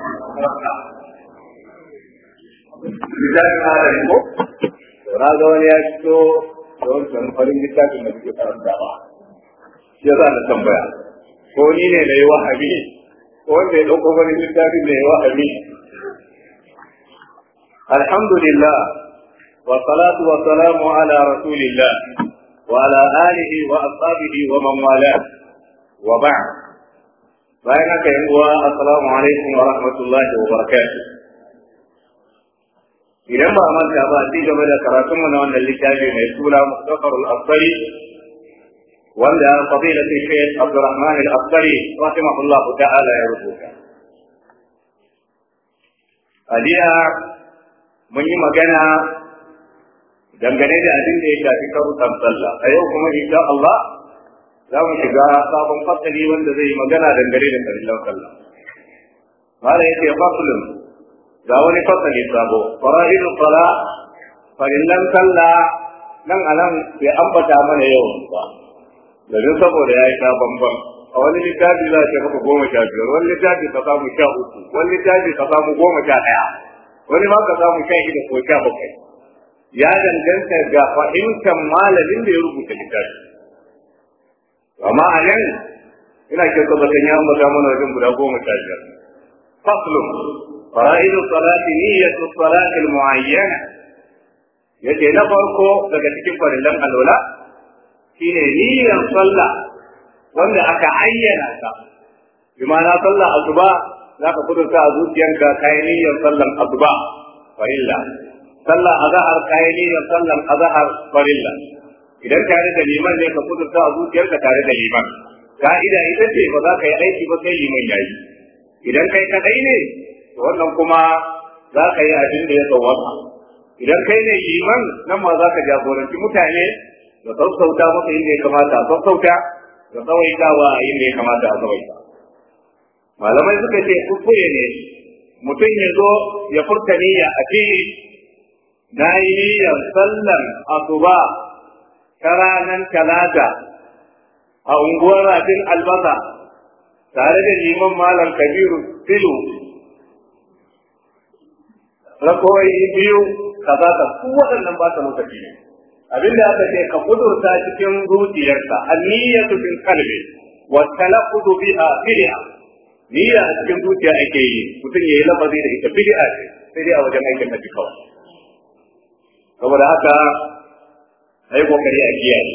na ga wani ya da wani littafin da karanta ba ko ni ne na yi wahabi ko wanda ya ɗauko wani littafin wahabi alhamdulillah wa salatu wa ala rasulillah wa ala alihi wa ashabihi wa man wa ba'd bayan haka yan uwa assalamu alaikum wa rahmatullahi wa barakatuh idan ba manta ba ci gaba da karatunmu na wannan littafi mai sura mustafar al-asfari wanda fadilatu shaykh abdurrahman al-asfari rahimahullah ta'ala ya rubuta a jiya mun yi magana dangane da abin da ya shafi karu sallah a yau kuma insha Allah za mu shiga sabon fasali wanda zai yi magana dangane da farillan kallon. mala yake fasalin ga wani fasali sabo fara'id fara farillan kalla nan anan bai ambata mana yawan ba domin saboda ya yi ta bambam a wani littafi za a ce maka goma sha biyar wani littafi ka samu sha uku wani littafi ka samu goma sha ɗaya wani ma ka samu sha shida ko sha bakwai ya danganta ga fahimtar malamin da ya rubuta littafi amma a nan ina kyautar zaton ya amma mana wajen guda goma sha biyar faslun fara'idu salati niyyatu salati almu'ayyana yake yace na farko daga cikin farillan alwala shine niyyar sallah wanda aka ayyana ta bi na sallah azuba zaka kudurta a zuciyarka kai niyyar sallan asuba farilla sallah azhar kai niyyar sallan azhar farilla idan tare da liman ne ka kudurta a zuciyarka tare da liman ka'ida ita ce ba za ka yi aiki ba sai liman ya yi idan kai kadai ne to wannan kuma za ka yi abin da ya tsawata idan kai ne liman nan ma za ka jagoranci mutane da sassauta masa inda ya kamata a sassauta da tsawaitawa inda ya kamata a tsawaita malamai suka ce kuskure ne mutum ya zo ya furta niyya a ce na yi niyyar sallar asuba ta ranar talata a unguwar rafin albasa tare da liman malam kabiru filu rakowai biyu kaza ka su waɗannan ba ta lokaci ne abinda aka ce ka kudurta cikin zuciyarka anniyatu fil qalbi wa talaqqudu biha bid'a niyya a cikin zuciya ake yi mutum yayi lafazi da ita bid'a ce sai dai a wajen aikin da kawai saboda haka ai kokari a kiyaye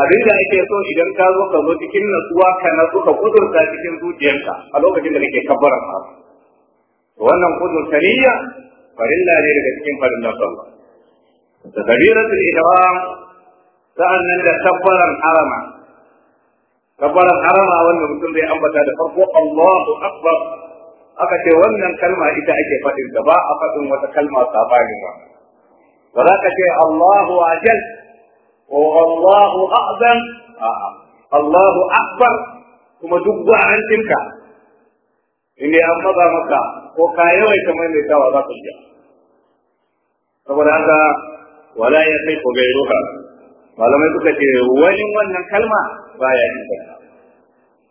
abin da ake so idan ka zo ka zo cikin natsuwa ka natsu ka kudurta cikin zuciyarka a lokacin da kake kabbaran ka wannan kudurta niyya farin ne daga cikin farillan sallah da kabiratul sa'an nan da kabbaran harama kabbaran harama wannan mutum zai ambata da farko Allahu akbar aka ce wannan kalma ita ake faɗin da ba a faɗin wata kalma sabanin ba ba ka ce Allahu ajal ko Allahu a'zam Allahu akbar kuma duk ba'antinka inda an maza maka ko ka yawaita maimaitawa za ka iya saboda haka wala ya kai ko gairuka malamai suka ce wani wannan kalma baya yin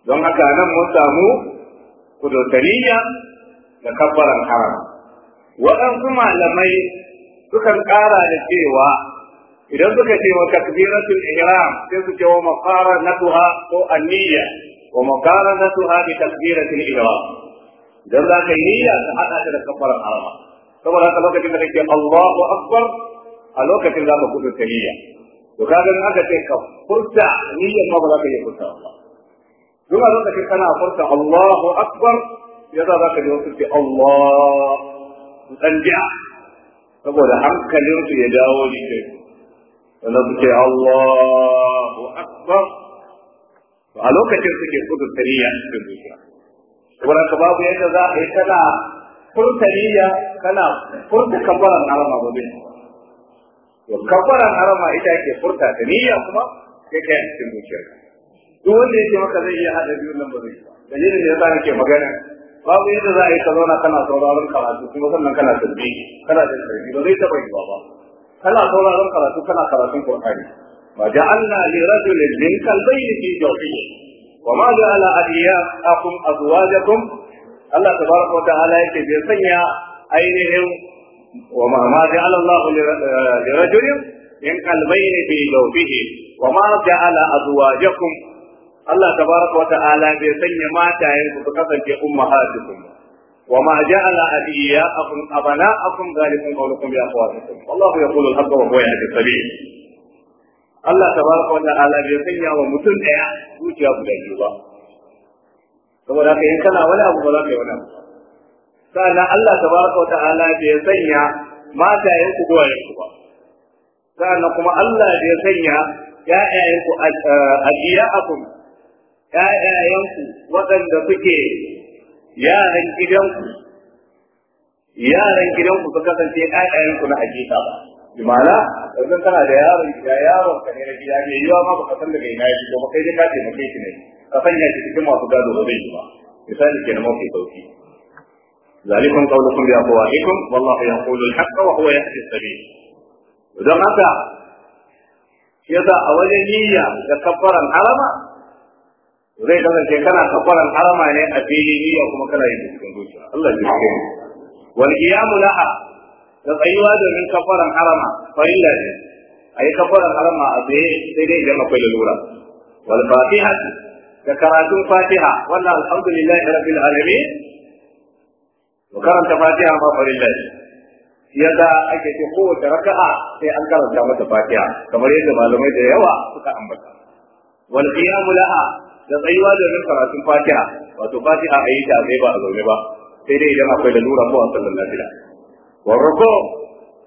don haka nan mun samu kudurtaniya da kabbaran haram waɗansu malamai sukan ƙara da cewa idan suka ce wa takbiratul ihram sai su ce wa maqaranatuha ko anniya wa maqaranatuha bi takbiratul ihram dan za ka yi niyya ta hada da kafarar alama, saboda haka lokacin da kake Allahu akbar a lokacin za ka kudu ta niyya to kaga in aka ce ka furta niyyar ma ba za ka iya furta ba duk lokacin kana furta Allahu akbar ya za ka ji wasu ce Allah dan bi'a saboda hankalinsu ya dawo shi wanda su ce Allahu Akbar to a lokacin suke kudu tariya cikin zuciya saboda ka babu yadda za a yi kana furta kana furta kafaran arama ba bin to kafaran arama ita ke furta ta niyya kuma sai kai a cikin zuciya duk wanda yake maka zai iya hada biyun nan ba zai ba dalilin da yasa nake magana babu yadda za a yi ka zauna kana sauraron karatu kuma sannan kana tarbi kana da tarbi ba zai taɓa yiwa ba kana sauraron karatu kana karatun qur'ani ma ja'alna li rajulin min qalbayni fi jawfihi wa ma ja'ala adiyakum azwajakum Allah tabaraka wa ta'ala yake bai sanya ainihin wa ma ma ja'ala Allah eh, li rajulin min qalbayni fi jawfihi wa ma ja'ala azwajakum Allah tabaraka wa ta'ala bai sanya matayen su kasance umma ummahatukum wa ma ja'ala adiyaakum abanaakum zalikum qawlukum ya akhawatukum wallahu yaqulu al-haqqa wa huwa yahdi as-sabil Allah tabaraka wa ta'ala bai sanya wa mutum daya zuciya guda biyu ba saboda haka in kana wani abu ba za ka yi wani abu sannan Allah tabaraka wa ta'ala bai sanya matayen ku goyen ku ba sannan kuma Allah bai sanya ya'yayen ku adiyaakum eh, ‘ya'yayenku waɗanda suke yaran gidanku, yaran gidanku su kasance ‘ya'yayenku na hakika ba. Jumala, yanzu kana da yaron gida yaron ka ne na gida mai yiwa ma ba kasan daga ina ya fito ba kai dai ka taimake shi ne ka sanya shi cikin masu gado ba zai yi ba misali ke na mafi sauki zalikum qawlukum bi afwahikum wallahu ya al ya kowa huwa ya as-sabil don haka yasa a wajen niyya da kaffaran harama zai kasance kana kafaran harama ne a fili niyya kuma kana yin cikin zuciya Allah ya ce. wal qiyamu laha da tsayuwa domin kafaran harama farilla ne ayi kafaran harama a tsaye sai dai idan akwai lalura wal fatiha da karatun fatiha wannan alhamdulillahi rabbil alamin wa karanta fatiha ma farilla ne yadda ake ce kowace raka'a sai an karanta mata fatiha kamar yadda malamai da yawa suka ambata wal qiyamu laha da tsayuwa domin karatun fatiha wato fatiha a yi ta zai ba a zaune ba sai dai idan akwai lalura ko a sallan lafiya wa ruku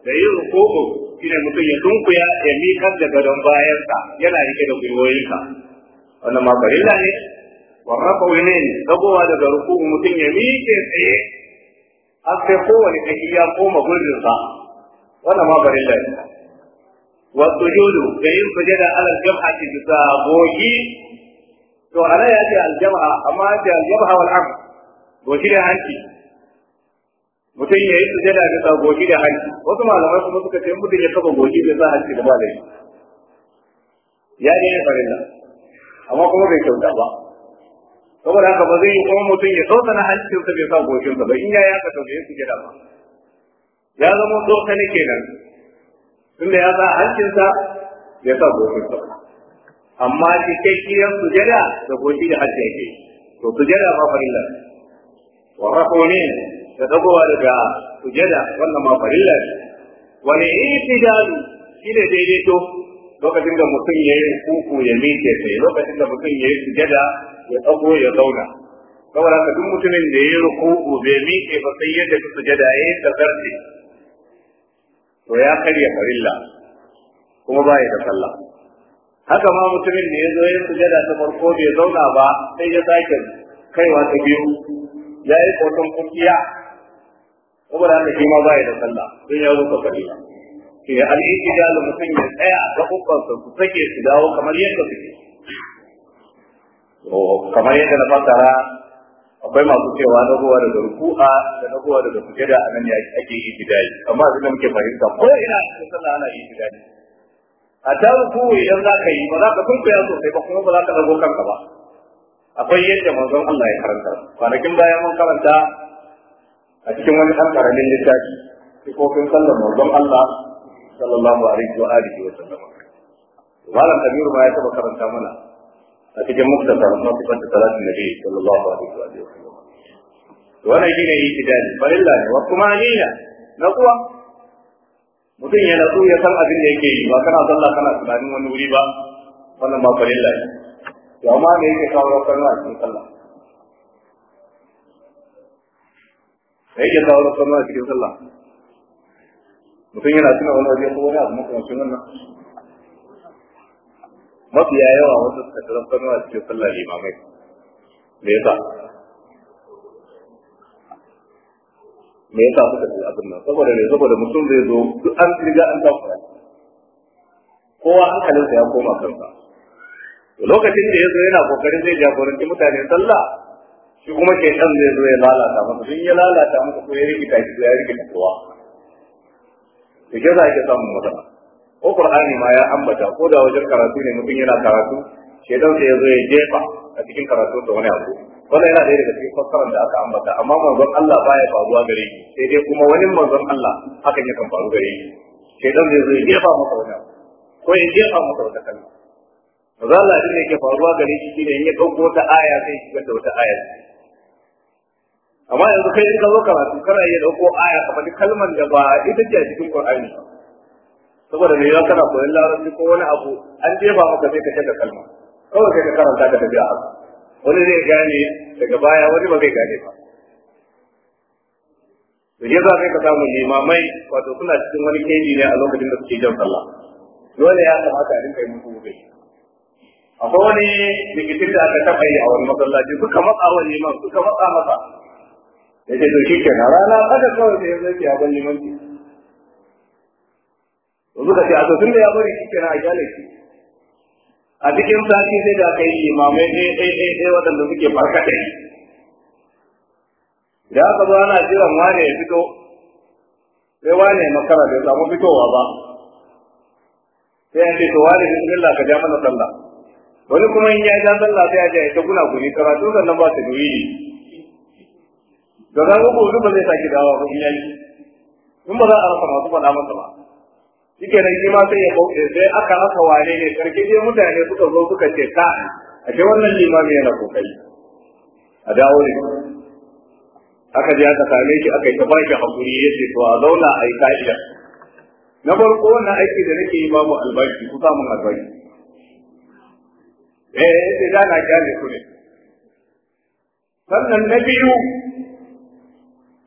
da yin ruku shine mutum ya dunkuya ya miƙar da gadon bayansa yana rike da gwiwoyinsa wannan ma farilla ne wa rafa ne dagowa daga ruku mutum ya miƙe tsaye har sai kowane kashi ya koma gurbinsa wannan ma farilla ne wa Yudu da yin sujada alal jam'ati bisa gogi to ana ya ce aljama'a amma ya ce aljama'a wal am goshi da hanci mutum ya yi sujada da sa goshi da hanci wasu malamai kuma suka ce mutum ya kafa goshi da sa hanci da ba da ya ne ya farilla amma kuma bai kyauta ba saboda haka ba zai yi kuma mutum ya sauta na hancinsa bai sa sa ba in ya yaka to bai sujada ba ya zama tsotsa ne kenan tunda ya sa hancinsa ya sa ba. amma cikakkiyar sujada da goshi da hajji yake to sujada ma farilla wa rafo ne da dagowa daga sujada wannan ma farilla ne wani itidalu shine daidaito lokacin da mutum ya yi kuku ya miƙe sai lokacin da mutum ya yi sujada ya dago ya zauna saboda haka duk mutumin da ya yi ruku'u bai miƙe ba sai yadda su sujada ya yi tazarce to ya karya farilla kuma ba ya da sallah haka ma mutumin da ya zo ya sujada ta farko bai zauna ba sai ya sake kaiwa ta biyu ya yi kotun kukiya saboda haka shi ma ya da sallah sai ya rufe ba. ke al'iki da mutum ya tsaya a gaɓuɓɓansa su sake su dawo kamar yadda suke kamar yadda na fasara akwai masu cewa na ruwa daga ruku'a da na ruwa daga sujada a nan ya ake yi bidayi amma zan da muke fahimta ko ina a sallah ana yi bidayi a tarku idan za ka yi ba za ka sunkuya sosai ba kuma ba za ka dago kanka ba akwai yadda manzon Allah ya karanta kwanakin bayan mun karanta a cikin wani ɗan karamin littafi sifofin sallar manzon Allah sallallahu alaihi wa alihi wa sallam malam kabiru ma ya taba karanta mana a cikin muktasar na da talatin nabi sallallahu alaihi wa alihi wa sallam wannan shine yi Ba farilla ne wa kuma ni na kuwa mutum ya natsu ya san abin da yake yi ba kana sallah kana tunanin wani wuri ba wannan ba farilla ne to amma me yake kawo rafkan a cikin sallah me yake kawo rafkan a cikin sallah mutum yana tuna wani waje ko wani abu makamancin wannan mafiya yawa wanda suka tarar a cikin sallah limamai me yasa me yasa suka ce abin nan saboda ne saboda mutum zai zo duk an riga an takura kowa hankalinsa ya koma kansa lokacin da ya zo yana kokarin zai jagoranci mutane sallah shi kuma ke shaitan zai zo ya lalata masa sun ya lalata masa ko ya rikita shi ya rikita kowa to ke za a ke samun matsala ko qur'ani ma ya ambata ko da wajen karatu ne mutum yana karatu shedan sai ya zo ya jefa a cikin karatu da wani abu wannan yana ɗaya daga cikin fassarar da aka ambata amma manzon Allah baya faruwa gare shi sai dai kuma wani manzon Allah hakan yakan faru gare shi sai dan zai zai jefa maka wani ko ya jefa maka wata kalma manzon Allah din yake faruwa gare shi shine in ya dauko wata aya sai shigar da wata aya amma yanzu kai in ka zo karatu kana iya dauko aya ka faɗi kalmar da ba ita ce a cikin Qur'ani saboda ne ya kana koyon larabci ko wani abu an jefa maka sai ka shiga kalma kawai kai ka karanta ka tafi a haka wani zai gane daga baya wani ba zai gane ba to ne za ka samu limamai wato suna cikin wani keji ne a lokacin da suke jan sallah dole ya kamata a rinka yi musu gobe akwai wani likitin da aka taɓa yi a wani masallaci suka matsa wa liman suka matsa masa ya ce to shi na rana aka kawai da ya zai ya ban limanci ka ce a to tun da ya bari shi na a gyale shi a cikin sati sai da kai limamai ɗaya ɗaya ɗaya waɗanda suke farkaɗe da aka zo ana jiran wane ya fito sai wane ya makara bai samu fitowa ba sai an ce to wane bismillah ka ja mana sallah wani kuma in ya ja sallah sai ya ja ya ta guna guni karatu sannan ba ta duwili da ran uku ba zai sake dawa ba in yayi in ba za a rasa masu faɗa masa ba shike nan shi ma sai ya bauta sai aka aka wane ne karki dai mutane suka zo suka ce ka a ce wannan limami yana kokari a dawo ne aka je aka same shi aka yi ta baki hakuri ya ce to a zauna a yi ka'ida na farko wannan aiki da nake yi babu albashi ku samu albashi eh sai da na kyale ku ne sannan na biyu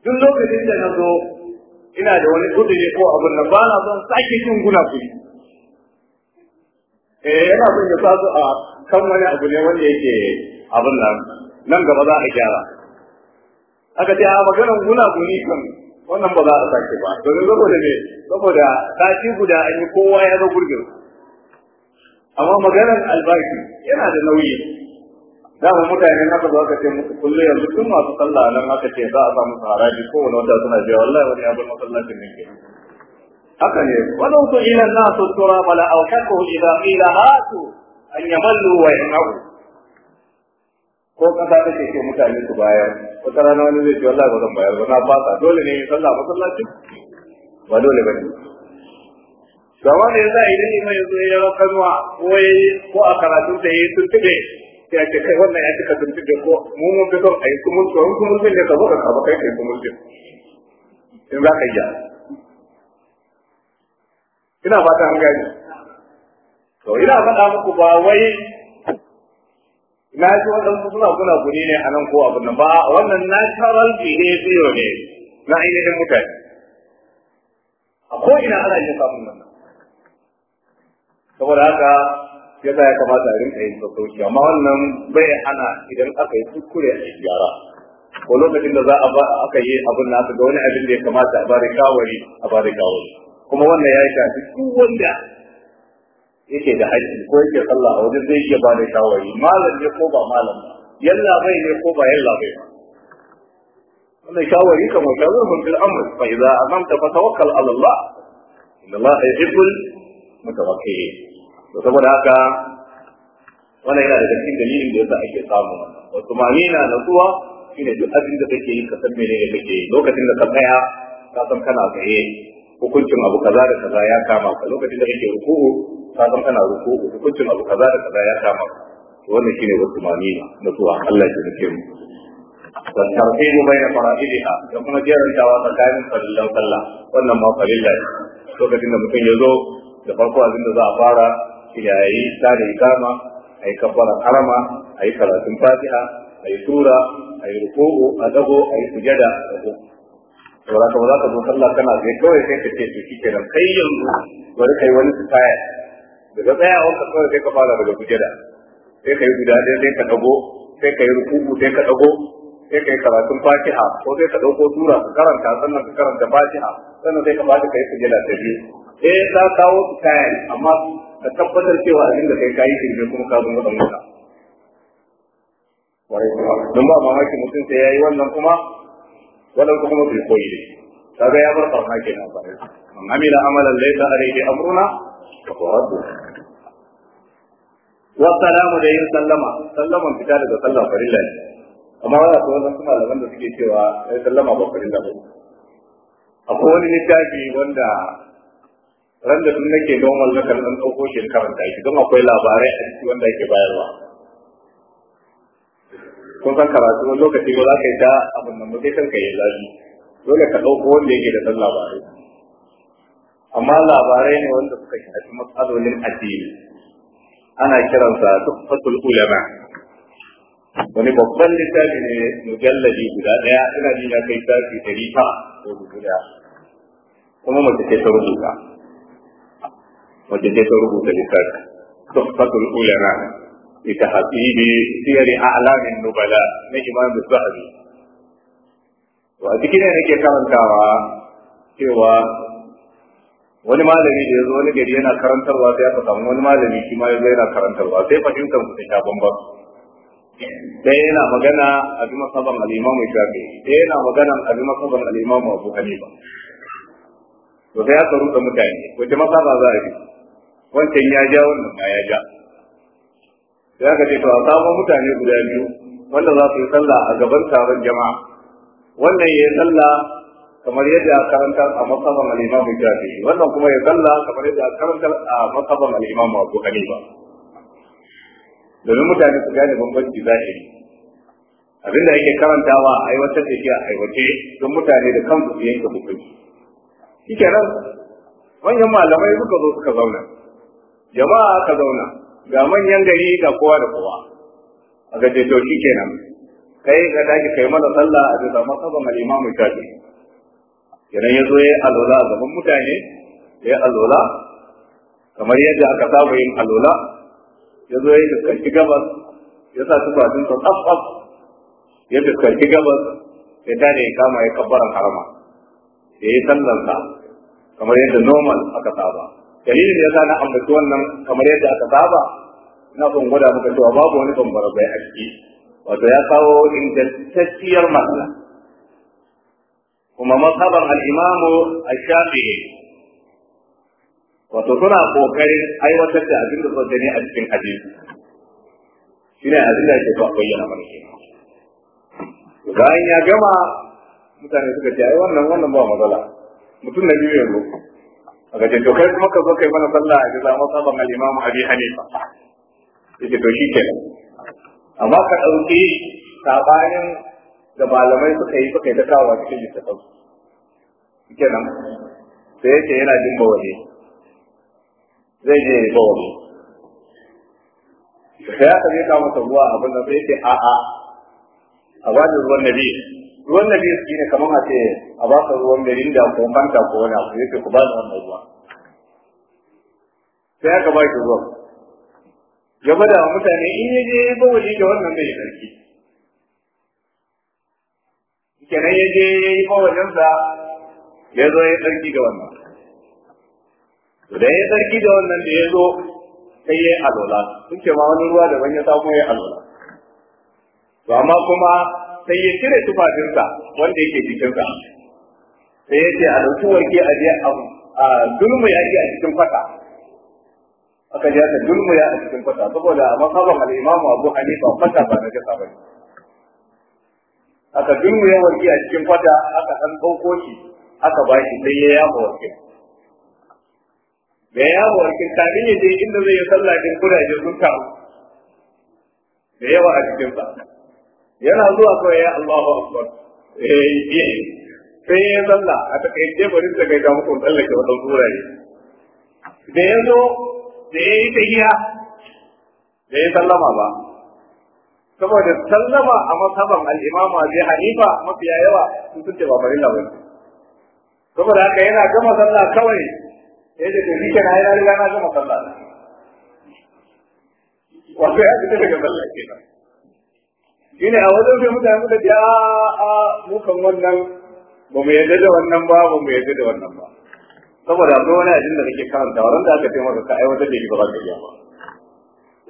duk lokacin da na zo ina da wani kudiri ko abin nan ba na son sake cin guna kudi. eh yana son ya sa su a kan wani abu ne wanda yake abin nan nan gaba za a gyara aka ce a maganar guna kudi kan wannan ba za a sake ba domin saboda ne saboda ci guda an yi kowa ya ga gurgin amma maganar albashi yana da nauyi mu mutane haka za ka ce musu kullum yanzu tun masu sallah nan haka ce za a samu haraji wani wata suna biya wallahi wani abin masallacin nan ke haka ne wannan to ila na su tura bala kako ila ila hatu an yamallu wa yanahu ko ka ta ce mutane su bayar wata rana wani zai ce wallahi ba zan bayar ba na fasa dole ne sallah masallacin ba dole ba ne gama ne za a yi ne mai zai ya rakanwa ko a karatun da ya yi tuntube ya ce kai wannan ya cika sun da ko mu mun fi son a yi kumul to in kumul ne ka zo ka karba kai kai kumul din in za ka yi ina fata an gani to ina faɗa muku ba wai na ji waɗansu suna kuna guri ne a nan ko abin nan ba wannan natural behavior ne na ainihin mutane a ko ina ana yin samun nan saboda haka ya ya kamata a rinka yin sassauci amma wannan bai hana idan aka yi kuskure a gyara ko lokacin da za a ba aka yi abin na ga wani abin da ya kamata a bari kawari a bari kawari kuma wannan ya shafi duk wanda yake da haƙƙi ko yake sallah a wajen zai iya ba da shawari malam ne ko ba malam ba yalla bai ne ko ba yalla bai ba wannan shawari kamar shawarar fil amr fa idza azamta fa tawakkal ala Allah inna Allah yuhibbul mutawakkilin To saboda haka wannan yana daga cikin dalilin da yasa ake samu wannan wato na natsuwa shine duk abin da kake yi ka san menene kake yi lokacin da ka tsaya ka san kana tsaye hukuncin abu kaza da kaza ya kama ka lokacin da kake ruku'u ka san kana ruku'u hukuncin abu kaza da kaza ya kama ka wannan shine wasu na natsuwa Allah ya nake mu da tartibu bayna fara'idiha da kuma jerantawa tsakanin farillan sallah wannan ma farilla lokacin da mutum ya zo da farko abin da a fara yayi ta a yi ayi kabbara harama ayi karatun fatiha ayi a ayi ruku'u a dago ayi sujada a dago saboda ka za ka zo sallah kana zai kawai sai ka ce to shi kenan kai yanzu bari kai wani tsaya daga tsayawar ka kawai sai ka fara daga sujada sai ka yi guda ɗaya sai ka dago sai ka yi ruku'u sai ka dago sai ka yi karatun fatiha ko sai ka ɗauko tura ka karanta sannan ka karanta fatiha sannan sai ka ba ka yi sujada ta biyu eh za kawo su amma ka tabbatar cewa abin da kai kayi shirme kuma ka zama dan wuta warai kuma don ba mamaki mutum sai yi wannan kuma wannan kuma bai koyi ne. shi kaga ya bar farka kenan ba man amila amalan laysa alayhi amruna fa raddu wa salamu da yin sallama sallaman fita daga sallan farilla ne amma wani akwai wasu kuma da da suke cewa sallama ba farilla ba akwai wani littafi wanda ran da tun nake don wallakar ɗan ɗauko shi karanta ake don akwai labarai a ciki wanda yake bayarwa kun san karatu wani lokaci ba za ka yi ta abin nan mutai kanka ya zafi dole ka ɗauko wanda yake da ɗan labarai amma labarai ne wanda suka shafi matsalolin addini ana kiransa tuhfatul ulama wani babban littafi ne mujalladi guda ɗaya ina jin ya kai tafi ɗari ta ko guda kuma mace ce ta rubuta wacce sai ta rubuta littafi tuhfatul ulama bi tahsibi siyari a'lamin nubala na imam az-zahabi wa cikin ne ke karantawa cewa wani malami da ya zo wani gari yana karantarwa sai aka samu wani malami shi ma yazo yana karantarwa sai fahimtar ku ta sha bambam ɗaya yana magana a bi masaban al-imamu shafi'i ɗaya yana magana a bi masaban al-imamu abu hanifa to sai aka rusa mutane wace masaba za a bi wancan ya ja wannan ma ya ja Ya ka ce to a samu mutane guda biyu wanda za su yi sallah a gaban taron jama'a wannan ya yi sallah kamar yadda a karanta a masaban al'imam shafi'i wannan kuma ya sallah kamar yadda a karanta a masaban al'imam abu hanifa domin mutane su gane bambanci zahiri abinda yake karantawa a aiwatar da shi a aiwace don mutane da kansu su yanke hukunci shi kenan manyan malamai suka zo suka zauna jama'a ka zauna ga manyan gari ga kowa da kowa a gaje to shi kenan kai ka tashi kai mana sallah a bisa masaban mal imamu shafi kenan ya zo ya alola a gaban mutane ya alola kamar yadda aka saba yin alola ya zo ya fuskanci gabas ya sa tufafin sa tsaf tsaf ya fuskanci gabas ya dare ya kama ya kabbaran harama ya yi sallansa kamar yadda normal aka saba dalilin da yasa na ambaci wannan kamar yadda aka saba na ban gwada maka cewa babu wani bambara bai a ciki wato ya kawo ingantacciyar masala kuma mazhaban al-imamu al shafii wato suna kokarin aiwatar da abin da suka gani a cikin hadisi shine abin da yake kawo bayyana mana kenan bayan ya gama mutane suka ce ai wannan wannan ba matsala mutum na biyu yanzu aka ce to kai kuma ka zo kai mana sallah a jaza masaban al-imam abi hanifa Yake to shi kenan amma ka dauki sabanin da malamai suka yi suka yi ta kawo cikin littafin kenan sai yake yana jin bawale zai je bawale sai aka je kawo masa ruwa abin da sai yake a'a a bada ruwan nabi ruwan da biyu shi ne kamar a ce a ba ka ruwan garin da ko fanta ko wani abu yake ku ba da wannan ruwa sai aka ba shi ruwan ya bada wa mutane in ya je ya bawali da wannan da ya sarki kenan ya je ya yi bawalinsa ya zo ya sarki da wannan da ya sarki da wannan da ya zo sai ya yi alola suke ma wani ruwa daban ya samu ya yi alola Ba ma kuma sai ya cire tufafinsa wanda yake jikinsa sai ya ce a ɗauki warke a je a dulmu ya a cikin fata aka je aka dulmu ya a cikin fata saboda a masaban al'imamu abu hanifa fata ba na jasa ba aka dulmu ya warke a cikin fata aka ɗan ɗauko shi aka ba shi sai ya yaba warke da ya yaba warke kamin ya je inda zai yi sallah din kudaje sun kawo da yawa a cikinsa yana zuwa kawai ya Allahu akbar eh, eh. sai ya zalla a takaice bari ta kai ga mutum tsallake wannan wurare da ya zo da ya yi tahiya da ya sallama ba saboda sallama a masaban al'imama zai hanifa mafiya yawa sun sun ce ba bari labar saboda haka yana gama sallah kawai sai da tafi shike na yana riga na gama sallah wato ya fita daga sallah kenan shine a wajen sai mutane suka ce a a mu kan wannan ba mu yadda da wannan ba ba mu yadda da wannan ba saboda akwai wani ajin da kake karanta wannan da aka ce maka ka aiwatar da shi ba ka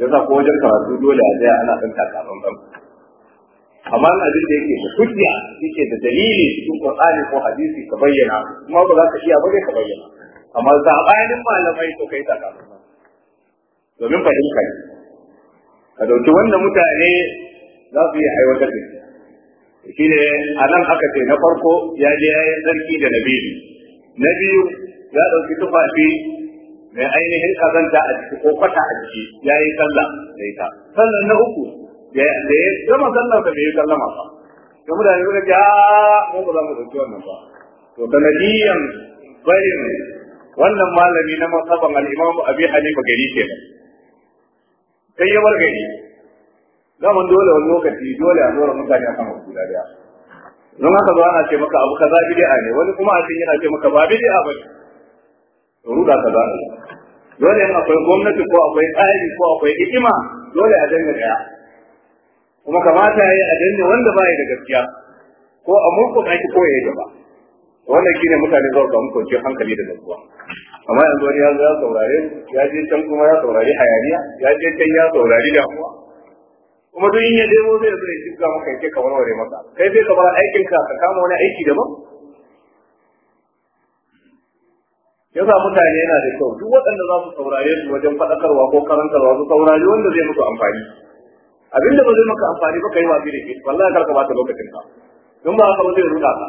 Ya ba yasa ko wajen karatu dole a tsaya ana ɗan takafan kan amma na abin da yake da hujja yake da dalili cikin qur'ani ko hadisi ka bayyana kuma ba za ka iya ba ne ka bayyana amma sabanin malamai to kai takafan domin fahimta ne ka dauki wannan mutane za su iya aiwatar da shi shi ne a nan aka ce na farko ya je ya yi sarki da nabili na biyu ya ɗauki tufafi mai ainihin kazanta a jiki ko kwata a jiki. ya yi sallah da ita sannan na uku da ya gama sallah da bai yi sallama ba da mutane suka ce ah, mu ba za mu ɗauki wannan ba to sanadiyan barin wannan malami na masaban al'imamu abi hanifa gari kenan sai ya bar gari zaman dole wani lokaci dole a zora mutane a abu guda daya don haka zo ana ce maka abu kaza bid'a ne wani kuma a yana ce maka ba bid'a ba ne ruda kaza ne dole in akwai gwamnati ko akwai tsari ko akwai hikima dole a danne daya kuma kamata ya yi a danne wanda ba ya da gaskiya ko a mulkun aiki ko ya yi gaba wannan shine mutane zuwa ga muku ce hankali da nutsuwa amma yanzu wani ya zo ya saurare ya je can kuma ya saurari hayaniya ya je can ya saurari damuwa kuma duk in ya nemo zai zo ya jibga maka yake ka warware maka kai sai ka bar aikin ka ka kama wani aiki daban yasa mutane yana da kyau duk waɗanda za su saurare su wajen faɗakarwa ko karantarwa su saurari wanda zai musu amfani abinda ba zai maka amfani ba kai wasu da ke wallahi kar ka bata lokacin ka don ba haka ba zai ruɗa ka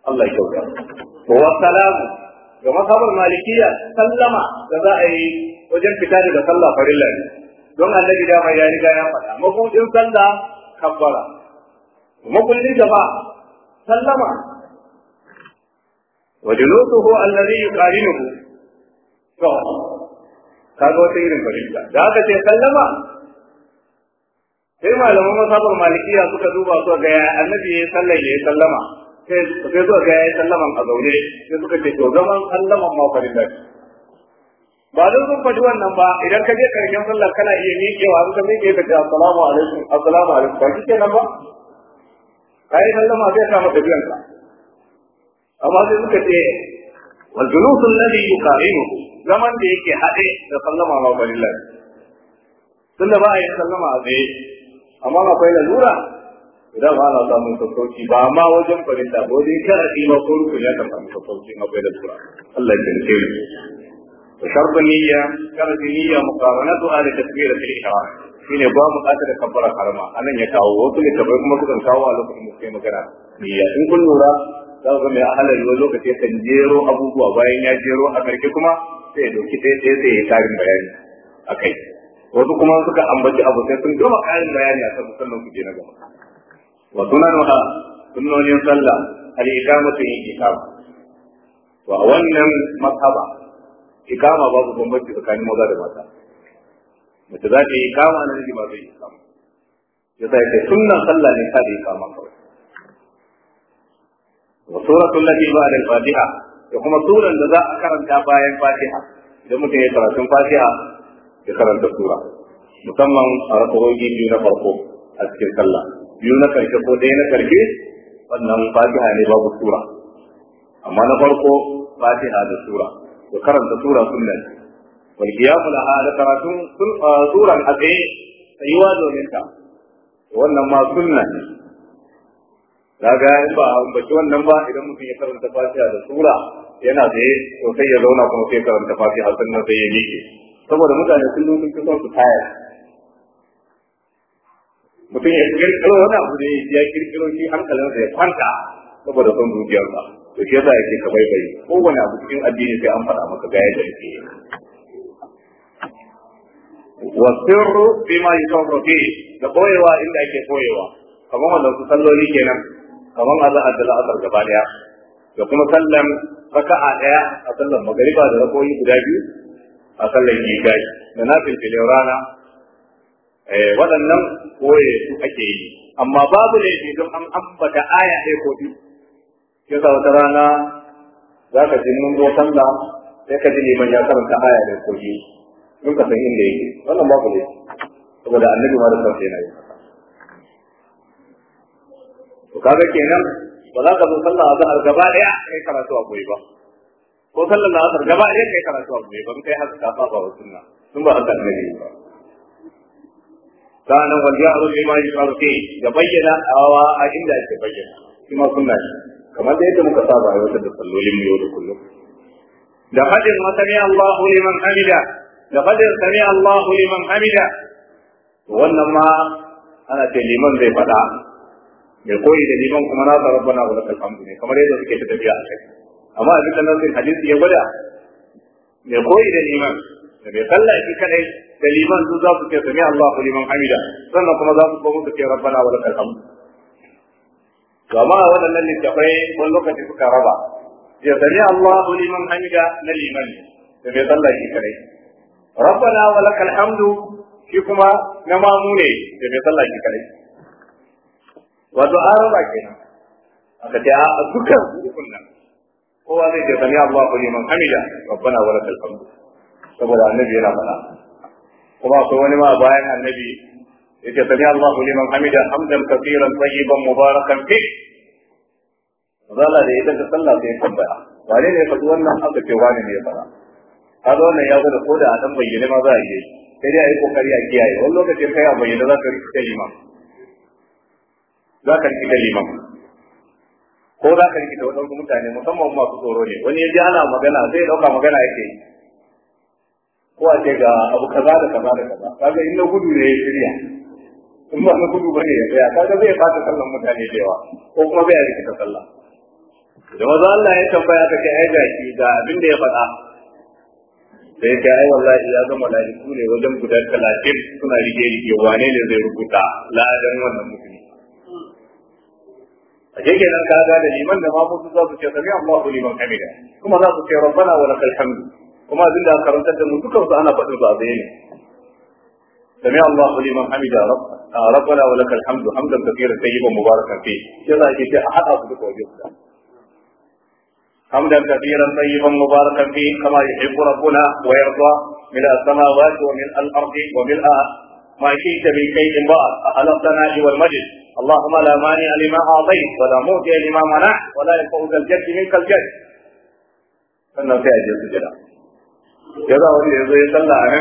Allah ya kyauta to wa salamu ga masabar malikiya sallama da za a yi wajen fita daga sallah farilla don annabi da mai ya riga ya faɗa din sallah kabbara din jama'a sallama wa julusuhu allazi yuqarinuhu to kago wata irin bari da ka ce sallama sai malaman sabon malikiya suka duba su ga annabi ya sallan ya sallama sai su ga ya sallaman a zaune sai suka ce to zaman sallaman ma shi ba don zan faɗi wannan ba idan ka je karshen sallar kana iya miƙewa in ka miƙe ka ce assalamu alaikum assalamu alaikum ba shi kenan ba kai sallama zai samu da biyan ka amma sai suka ce wal julus alladhi yuqaimu zaman da yake haɗe da sallama ma balillah tunda ba a yi sallama a tsaye amma akwai lalura idan ba na samun sassauci ba amma wajen farilla ko dai karaɗi ma ko rukun ya kan samu sassauci akwai lalura Allah ya kare mu وشرط النية شرط النية مقارنتها لتكبيرة الإحرام shine ba mu kasa da kabbara karama anan ya kawo wasu ne tabbai kuma kusan kawo a lokacin da magana niyya in kun lura mai ahalar wani lokaci kan jero abubuwa bayan ya jero a karke kuma sai ya dauki sai sai sai ya tarin bayani a kai wasu kuma suka ambaci abu sai sun gama karin bayani a sabu sannan ku je na gaba wa sunanuha sunnonin sallah al-ikamatu in ikam to a wannan mazhaba ikama babu bambanci tsakanin maza da mata mace za ta yi ikama na miji ba zai ikama ya sa yake sunnan sallah ne kada ikama kawai wa suratul lati ba'da al-fatiha da kuma suran da za a karanta bayan fatiha idan mutum ya karatun fatiha ya karanta sura musamman a rakawoyi biyu na farko a cikin sallah biyu na karshe ko ɗaya na karshe wannan fatiha ne babu sura amma na farko fatiha da sura da karanta sura sunna ce wal qiyamu laha da karatun ah, suran a tsaye tsayuwa domin ta wannan ma sunna ne ga in ba ambaci wannan ba idan mutum ya karanta fatiha da sura yana tsaye to sai ya zauna kuma sai karanta fatiha sunna sai ya miƙe saboda mutane sun zo sun son su taya mutum ya kirkiro wani abu da ya kirkiro shi hankalinsa ya kwanta saboda son zuciyarsa to shi yasa yake ka baibaye kowane abu cikin addini sai an faɗa maka ga yadda yake sirru bima yusarru fi da boyewa inda ake boyewa kamar wannan su salloli kenan kamar Allah adala azar gaba daya da kuma sallan raka'a daya a sallan magariba da rakoyi guda biyu a sallan isha'i da na filfilin rana eh waɗannan koye su ake yi amma babu laifi don an ambata aya ɗaya ko biyu yasa wata rana za ka ji mun zo da sai ka ji neman ya karanta aya da kogi mun ka san inda yake wannan ba ku ne saboda annabi ma da sauke yana yi to kaga kenan ba za ka zo sallah a zahar gaba daya kai karatu a goyi ba ko sallar na asar gaba ɗaya kai karatu abu mai ba kai haska ka ba wasu sunna sun ba haka annabi ba sanan ne ma lima karfe da bayyana awa a inda ake bayyana kuma sunna ne kamar da yadda muka saba aiwatar da sallolin mu yau da kullum da fadin masami Allahu liman hamida da fadin sami Allahu liman hamida wannan ma ana ce liman zai faɗa mai koyi da liman kuma na zarar bana wa lakal hamdu ne kamar yadda suke ta tafiya a kai amma a cikin nasin hadisi ya gwada mai koyi da liman da mai sallah shi kadai da liman su za su ce sami Allahu liman hamida sannan kuma za su ko musu ce rabbana wa lakal hamdu kama a waɗannan littafai wani lokaci suka raba ya sami Allah liman hamida na liman da bai sallah shi kadai rabbana wa lakal hamdu shi kuma na mamu ne da bai sallah shi kadai wato an raba kenan aka ce a dukkan rukun nan kowa zai ce sami Allah liman hamida rabbana wa lakal hamdu saboda annabi yana faɗa kuma akwai wani ma bayan annabi yace sami Allahu liman hamida hamdan kaseeran tayyiban mubarakan fi zala da idan ka sallah sai tambaya wane ne faɗi wannan aka ce wani ne ya fara kaga wannan ya gwada ko da a dan bayyane ma za a sai dai a yi kokari a kiyaye wani lokaci za ka rikita liman za ka liman ko za ka rikita waɗansu mutane musamman masu tsoro ne wani yaji ana magana zai ɗauka magana yake yi ko a ce ga abu kaza da kaza da kaza kaga in na gudu ne ya shirya in ba na gudu ba ne ya tsaya kaga zai fata sallan mutane da yawa ko kuma bai rikita sallah da maza Allah ya tambaya ka kai aida ki ga abin da ya faɗa sai ta ai wallahi ya ga malaiku ne wajen guda 30 suna rige rige wane ne zai rubuta ladan wannan mutum a jike nan ka ga da liman da ma mutu za su ce sami Allahu liman hamida kuma za su ce rabbana wa lakal hamdu kuma abinda da karantar da mu dukansu ana faɗin zabe ne سمع الله لمن حمد آه، ربنا ولك الحمد حمدا كثيرا طيبا مباركا فيه جزاك الله يجي احد اصدق وجزاك حمدا كثيرا طيبا مباركا فيه كما يحب ربنا ويرضى من السماوات ومن الارض ومن آه. ما شئت من شيء بعد اهل الثناء والمجد اللهم لا مانع لما اعطيت ولا معطي لما منعت ولا ينفع ذا الجد منك الجد sannan sai a je su jira ya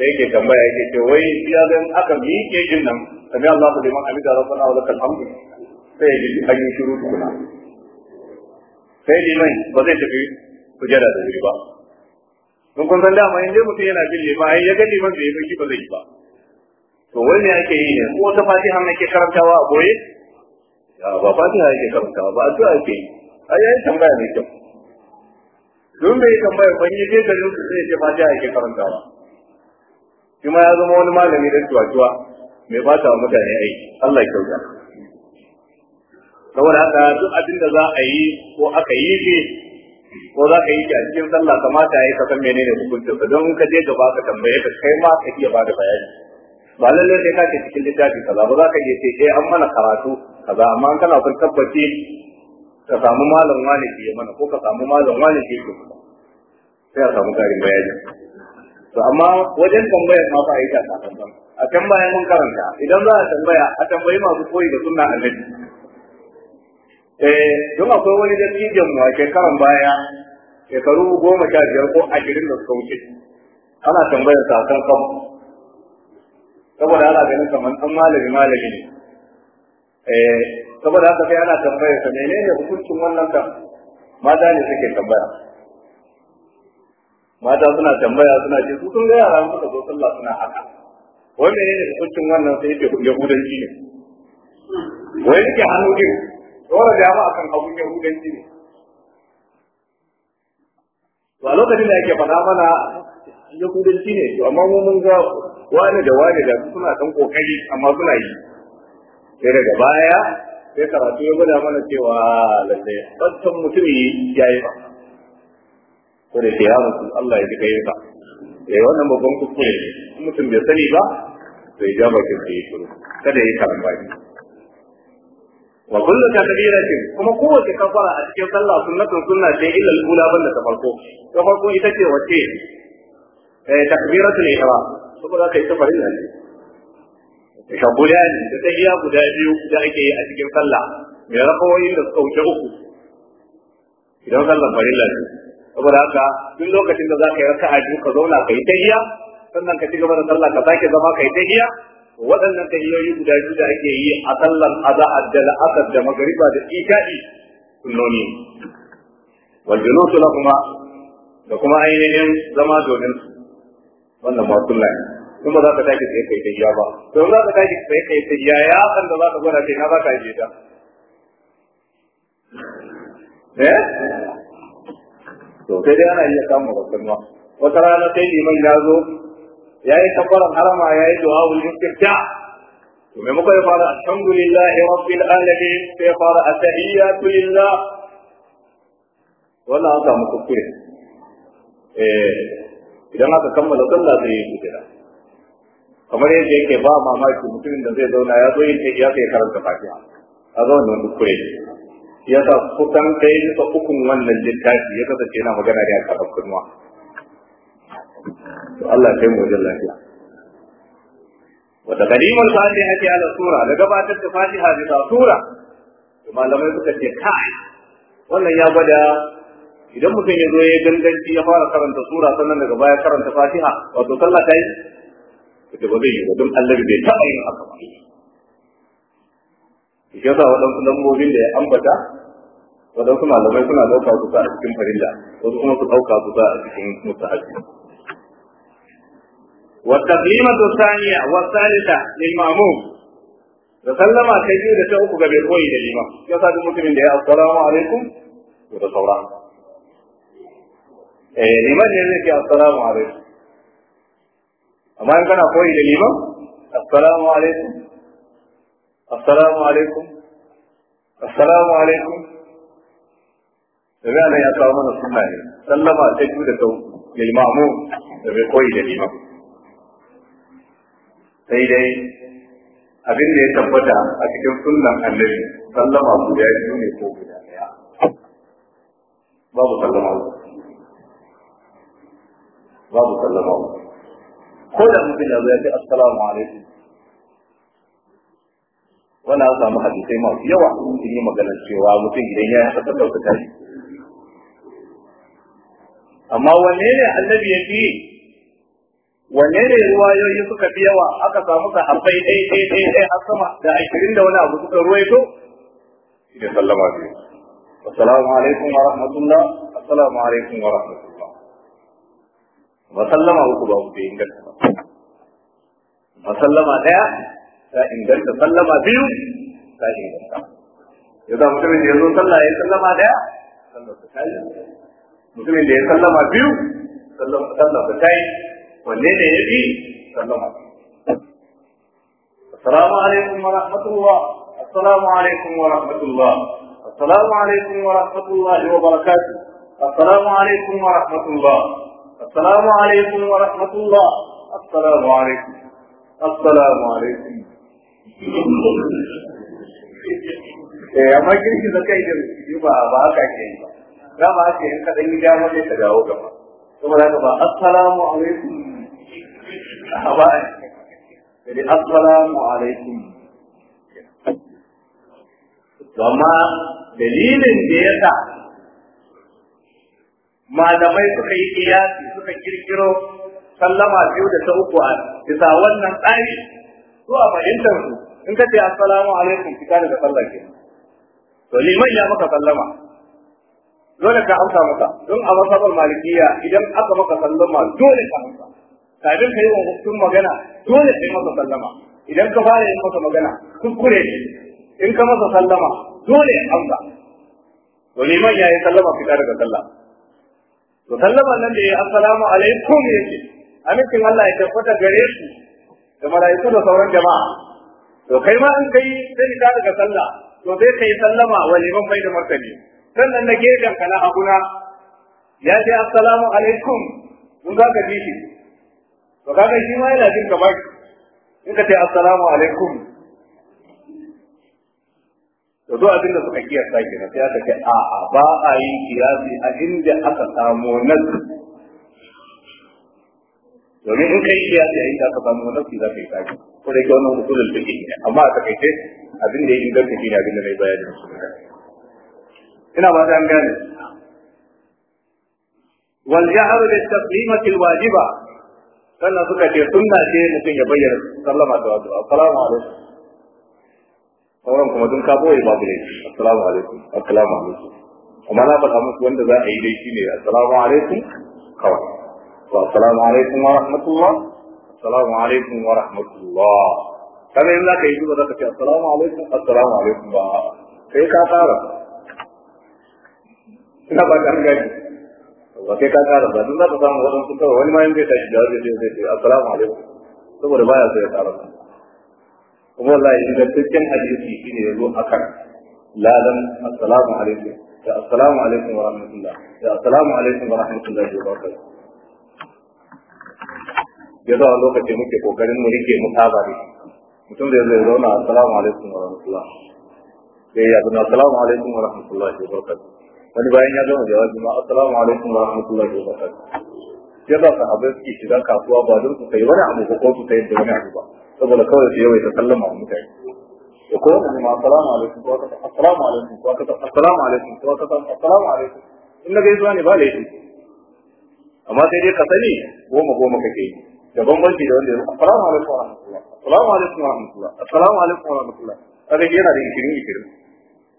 da yake tambaya yake ce wai ya zan aka miƙe jin nan sami Allah ku liman amida rabbana wa lakal hamdu sai ya ji an shiru tukuna sai liman ba zai tafi kujera da wuri ba don kun san dama in dai mutum yana bin liman ai ya ga liman bai yi ba zai yi ba to wai me ake yi ne ko ta fatiha nake karantawa a boye ba fatiha yake karantawa ba addu'a ake yi ai yayin tambaya ne kyau don bai tambaya ban yi da garin su ya ce fatiha yake karantawa kuma ya zama wani malami da tuwa-tuwa mai bata wa mutane aiki Allah ya kyauta saboda haka duk abin da za a yi ko aka yi shi ko za ka yi shi a cikin sallah kamata ya yi ka san menene hukuncin ka don ka je gaba ka tambaye ka kai ma ka iya bada bayani ba lalle sai ka ce cikin littafi kaza ba za ka iya ce eh an mana karatu kaza amma an kana son tabbaci ka samu malam wani ke mana ko ka samu malam wani ke ku sai a samu karin bayani to amma wajen tambayar ma fa a yi ta kasan a kan bayan mun karanta idan za a tambaya a tambayi masu koyi da sunna annabi eh don akwai wani dattijan mu a shekaran baya shekaru goma sha biyar ko ashirin da suka wuce ana tambayar sa kan kan saboda ana ganin kamar an malami malami ne eh saboda haka sai ana tambayar sa menene hukuncin wannan kan maza ne suke tambaya mata suna tambaya suna ce su sun ga yara suka zo sallah suna haka wai ne ne hukuncin wannan sai yake yahudanci ne wai yake hannu ne dole da yawa akan abun yahudanci ne to a lokacin da yake faɗa mana yahudanci ne to amma mun ga wani da wani da suna dan kokari amma suna yi sai daga baya sai karatu ya gwada mana cewa lalle tsantsan mutum yi yayi ba ko da ke yaro su Allah ya ji gayyata eh wannan babban kuskure ne mutum bai sani ba to ya jaba ke yi shiru kada ya tambaya wa kullu takbiratin kuma kowace kafara a cikin sallah sunnatun sunna ce illa al-ula banda ta farko ta farko ita ce wace eh takbiratul ihram saboda kai ta farilla ne shabulan da ta iya guda biyu da ake yi a cikin sallah mai rakawoyin da suka wuce uku idan sallar farin lalle. saboda haka duk lokacin da za ka yi raka'a biyu ka zauna ka yi tahiya sannan ka ci gaba da sallah ka sake zama ka yi tahiya waɗannan tahiyoyi guda biyu da ake yi a Sallar azahar da la'asar da magariba da isha'i sunnoni wal na kuma da kuma ainihin zama domin wannan ba sunna ne kuma za ka tashi sai kai tahiya ba to za ka tashi sai kai tahiya ya san da za ka gwada kai na ba ka yi ta eh to sai dai ana iya samun ma. wata rana sai liman ya zo ya yi tabbarar harama ya yi du'a wal istifta to muka ya fara alhamdulillah rabbil alamin sai ya fara atahiyatu lillah wannan an samu kuskure eh idan aka kammala sallah zai yi kujira kamar yadda yake ba mamaki mutumin da zai zauna ya zo yin tafiya sai karanta fatiha a zauna kuskure Yasa kusan kai nufa ukun wannan littafi ya kasance yana magana da yaƙa kunnuwa to Allah kai mu wajen lafiya wa taqdimul ake ala sura da gabatar da fatiha bisa sura malamai suka ce kai wannan ya gwada idan mutum ya zo ya ganganci ya fara karanta sura sannan daga baya karanta fatiha wato sallah ta yi ita ba zai yi ba don Allah bai taɓa yin haka ba shi yasa waɗansu lambobin da ya ambata waɗansu malamai suna ɗauka su a cikin farilla wasu kuma su ɗauka su a cikin musahabi والتقديمة الثانية والثالثة للمأموم تسلم كيو da sallama biyu da ta uku ga bai koyi da liman ya sa duk mutumin da ya assalamu alaikum to da saura eh liman ne zai ce assalamu alaikum amma in kana koyi da liman assalamu alaikum السلام عليكم السلام عليكم ربنا يا طالبنا سماه سلم عليك ودكم للمأمور بقوي للإمام سيدي أبين لي تبتا أتكم كل من النبي سلم عليك ودكم بقوي للإمام بابو سلم عليك بابو سلم عليك كل من بنا ذاتي السلام عليكم wannan an samu hadisai masu yawa sun yi maganar cewa mutum idan ya yi haka ɗaukaka shi amma wanne ne annabi ya fi wanne ne ruwayoyi suka fi yawa aka samu sahabbai ɗai ɗai ɗai ɗai sama da ashirin da wani abu suka ruwaito shi ne sallama ce assalamu alaikum wa rahmatullah assalamu alaikum wa rahmatullah ba sallama uku ba ku bai inganta ba sallama ɗaya ta inganta sallama biyu ta inganta ya za mutumin da ya zo ya sallama daya sallama ta mutumin da ya sallama biyu ta wanne ne ya bi sallama assalamu alaikum wa rahmatullah assalamu alaikum wa rahmatullah assalamu alaikum wa rahmatullahi wa barakatuh assalamu alaikum wa rahmatullah assalamu alaikum السلام عليكم eh amma girki da kai da shi ba ba haka ke yi ba ba haka in ka yi gida mai ka dawo gaba kuma zaka ba assalamu alaikum haba da assalamu alaikum amma dalilin da ya sa malamai suka yi kiyasi suka kirkiro sallama biyu da ta uku a bisa wannan tsari zuwa fahimtar su in ka ce assalamu alaikum fita daga sallah ke to liman ya maka sallama dole ka amsa maka don a masa masabar malikiya idan aka maka sallama dole ka amsa kafin ka yi wa mutum magana dole ka yi masa sallama idan ka fara yin masa magana kuskure ne in ka masa sallama dole ya amsa to liman ya yi sallama fita daga sallah to sallama nan da ya assalamu alaikum ce. amincin Allah ya tabbata gare shi da mala'iku da sauran jama'a to kai ma in kai sai ka daga sallah to sai kai sallama wa liman bai da martani sannan na ke ka abuna. ya ce assalamu alaikum mun ga ka dishi shi to kaga shi ma yana jin kamar in ka ce assalamu alaikum to do abin da suka kiyasta kenan sai aka ce a'a ba a yin kiyasi a inda aka samu nan. domin in kai iya da yayin da aka samu nafsi za ka yi tsari ko da ke wannan usulul fiqh ne amma a takaice abin da ya yi inganta shi ne abin da mai bayani da su ina ba ta an gane wal jahru bil taslimati al ba. sannan suka ce sunna ce mutum ya bayyana sallama da wato Asalamu alaikum sauran kuma dun ka boye babu ne Asalamu alaikum Asalamu alaikum amma na faɗa musu wanda za a yi dai ne. Asalamu alaikum kawai السلام عليكم ورحمة الله السلام عليكم ورحمة الله كما يقول لك يجي بدك السلام عليكم السلام عليكم بقى ايه كاتارة انا بقى انا جاي وكي كاتارة بقى انا بقى انا بقى انا بقى انا ما ينبي تاشي جاوز يجي بدك السلام عليكم ثم رباية سيئة تارة ثم الله يجي بدك كم حديثي فيه يقول أكبر لا دم السلام عليكم السلام عليكم ورحمة الله السلام عليكم ورحمة الله وبركاته ya zuwa lokacin muke kokarin mu rike mu saba da mutum da zai zauna assalamu alaikum wa rahmatullah sai ya zama assalamu alaikum wa rahmatullah wa barakatuh wani bayan ya zama jawabi ma assalamu alaikum wa rahmatullah wa barakatuh ya ba ka suke shiga kasuwa ba don su kai wani abu ko su kai da wani abu ba saboda kawai su yawaita sallama wa mutane da ko wani ma assalamu alaikum ko kasa assalamu alaikum ko kasa assalamu alaikum ko kasa assalamu alaikum in na gaisuwa ne ba laifi amma sai dai ka sani goma goma kake yi da bambanci da wanda ya assalamu alaikum wa rahmatullah assalamu alaikum wa rahmatullah assalamu alaikum wa rahmatullah kaga yana da 20 20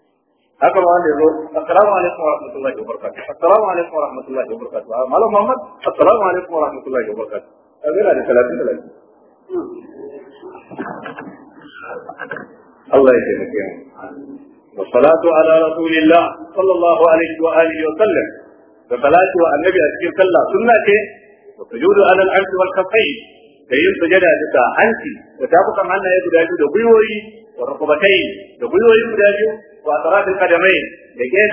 haka ma wanda yazo assalamu alaikum wa rahmatullahi wa barakatuh assalamu alaikum wa rahmatullahi wa barakatuh malam muhammad assalamu alaikum wa rahmatullahi wa barakatuh kaga yana da 30 30 Allah ya taimake mu والصلاة على رسول الله صلى الله عليه وآله وسلم da salati wa annabi a cikin sallah sunna ce sujudu alal arshi wal kaffayn da yin sujada bisa hanci da tafukan hannaye guda biyu da gwiwoyi wa rukubatai da gwiwoyi guda biyu wa atratil qadamai da sai ya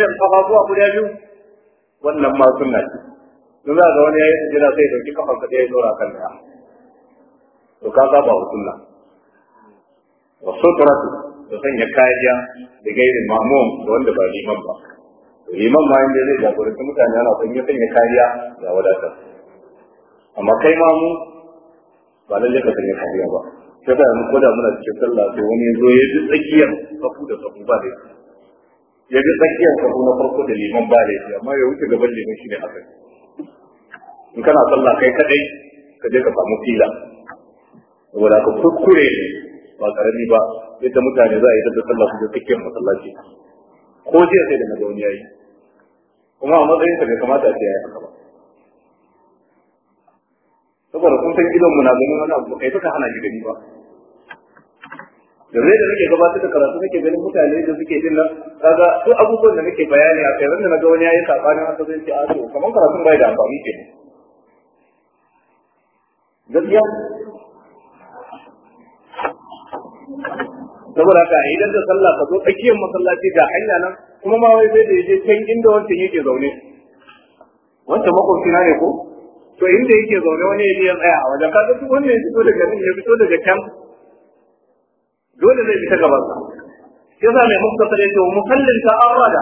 dauki kafarsa da ya dora kan da to ka saba wa sunna wa sutratu da sanya kariya da gairin ma'mum da wanda ba liman ba liman ma inda zai jagoranci mutane ana sanya kariya da wadatar amma kai ma mu ba lalle ka sanya kariya ba sai da mu koda muna cikin sallah sai wani ya zo ya ji tsakiyar safu da safu ba da ya ji tsakiyar safu na farko da liman ba da amma ya wuce gaban liman shi ne haka in kana sallah kai kadai ka je ka samu fila saboda ka kuskure ne ba karami ba yadda mutane za a yi da sallah su je tsakiyar masallaci ko jiya sai da na ga wani yayi kuma a matsayin ka bai kamata a ce yayi haka ba saboda kun san idon mu na gani wani abu kai suka hana ni gani ba da da nake gabatar da karatu nake ganin mutane da suke jin nan kaga duk abubuwan da nake bayani a kai ran da naga wani yayi sabanin haka zai ce a ah, to kaman karatu bai da amfani ke gaskiya saboda haka idan da sallah ka zo tsakiyar masallaci ga hanya nan kuma ma wai sai da yaje can inda wancan yake zaune wancan makwabci na ne ko to inda yake zaune wani ya ya tsaya a wajen ga duk wanda ya fito daga nan ya fito daga can dole zai fita gaban sa sa mai muktasar yace wa musallin ta arada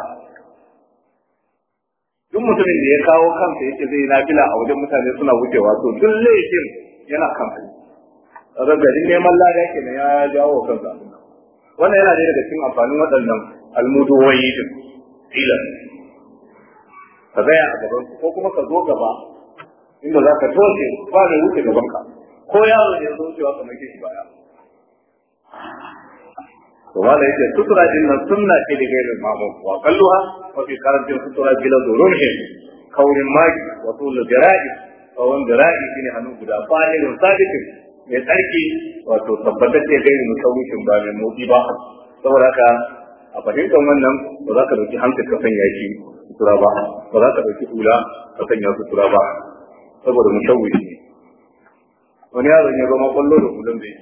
duk mutumin da ya kawo kansa yake zai nafila a wajen mutane suna wucewa to duk laifin yana kansa ragarin neman lada ne ya jawo kansa wannan yana daga cikin amfanin waɗannan almudowayi din ilan ka zaya a gaban ko kuma ka zo gaba inda za ka toshe ba da wuce gabanka ko yaro ne zo cewa ka ke shi baya to wala yake sutura din nan sunna ke da gairin mamu wa kalluha wa fi karantin sutura bila zurumhin kaurin magi wa tulu dira'i wan dira'i shine hannu guda fa'ilun sabitin mai tsarki wato tabbatar da gairin musawucin ba mai motsi ba saboda haka a fahimtar wannan ba za ka dauki hankali ka sanya shi sutura ba ba za ka dauki hula ka sanya sutura ba saboda mushawwishi ne wani yaron ya zama kwallo da hulun bai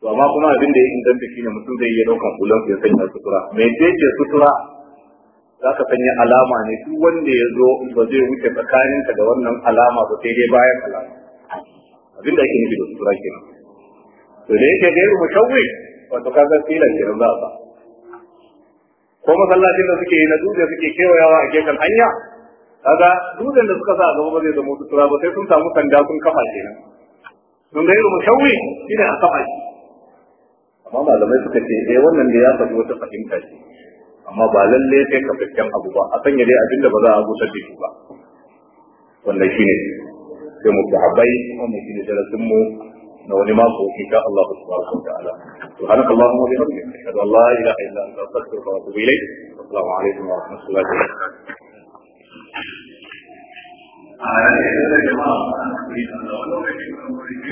to amma kuma abin da ya biki ne mutum zai iya daukan hulun ya sanya sutura mai ce sutura za ka sanya alama ne duk wanda ya zo ba zai wuce tsakaninka da wannan alama ba sai dai bayan alama abin da ake nufi da sutura ke to da yake gairu mushawwi wato ga filan kenan za a ba ko masallacin da suke yi na da suke kewayawa a gefen hanya kaga dukkan da suka sa a gaba ba zai zama sutura ba sai sun samu sanda sun kafa nan don gairu shi ne a kafa shi amma malamai suka ce eh wannan da ya faɗi wata fahimta ce amma ba lalle sai ka fitkan abu ba a sanya dai abinda ba za a gusar da shi ba wannan ne sai mu sahabbai wannan ne darasin mu na wani mako sha Allah subhanahu wa ta'ala subhanak allahumma wa bihamdika wa an la ilaha illa anta astaghfiruka wa atubu ilayk assalamu alaikum wa rahmatullahi wa barakatuh a ranar da zai jama'a a wani lokaci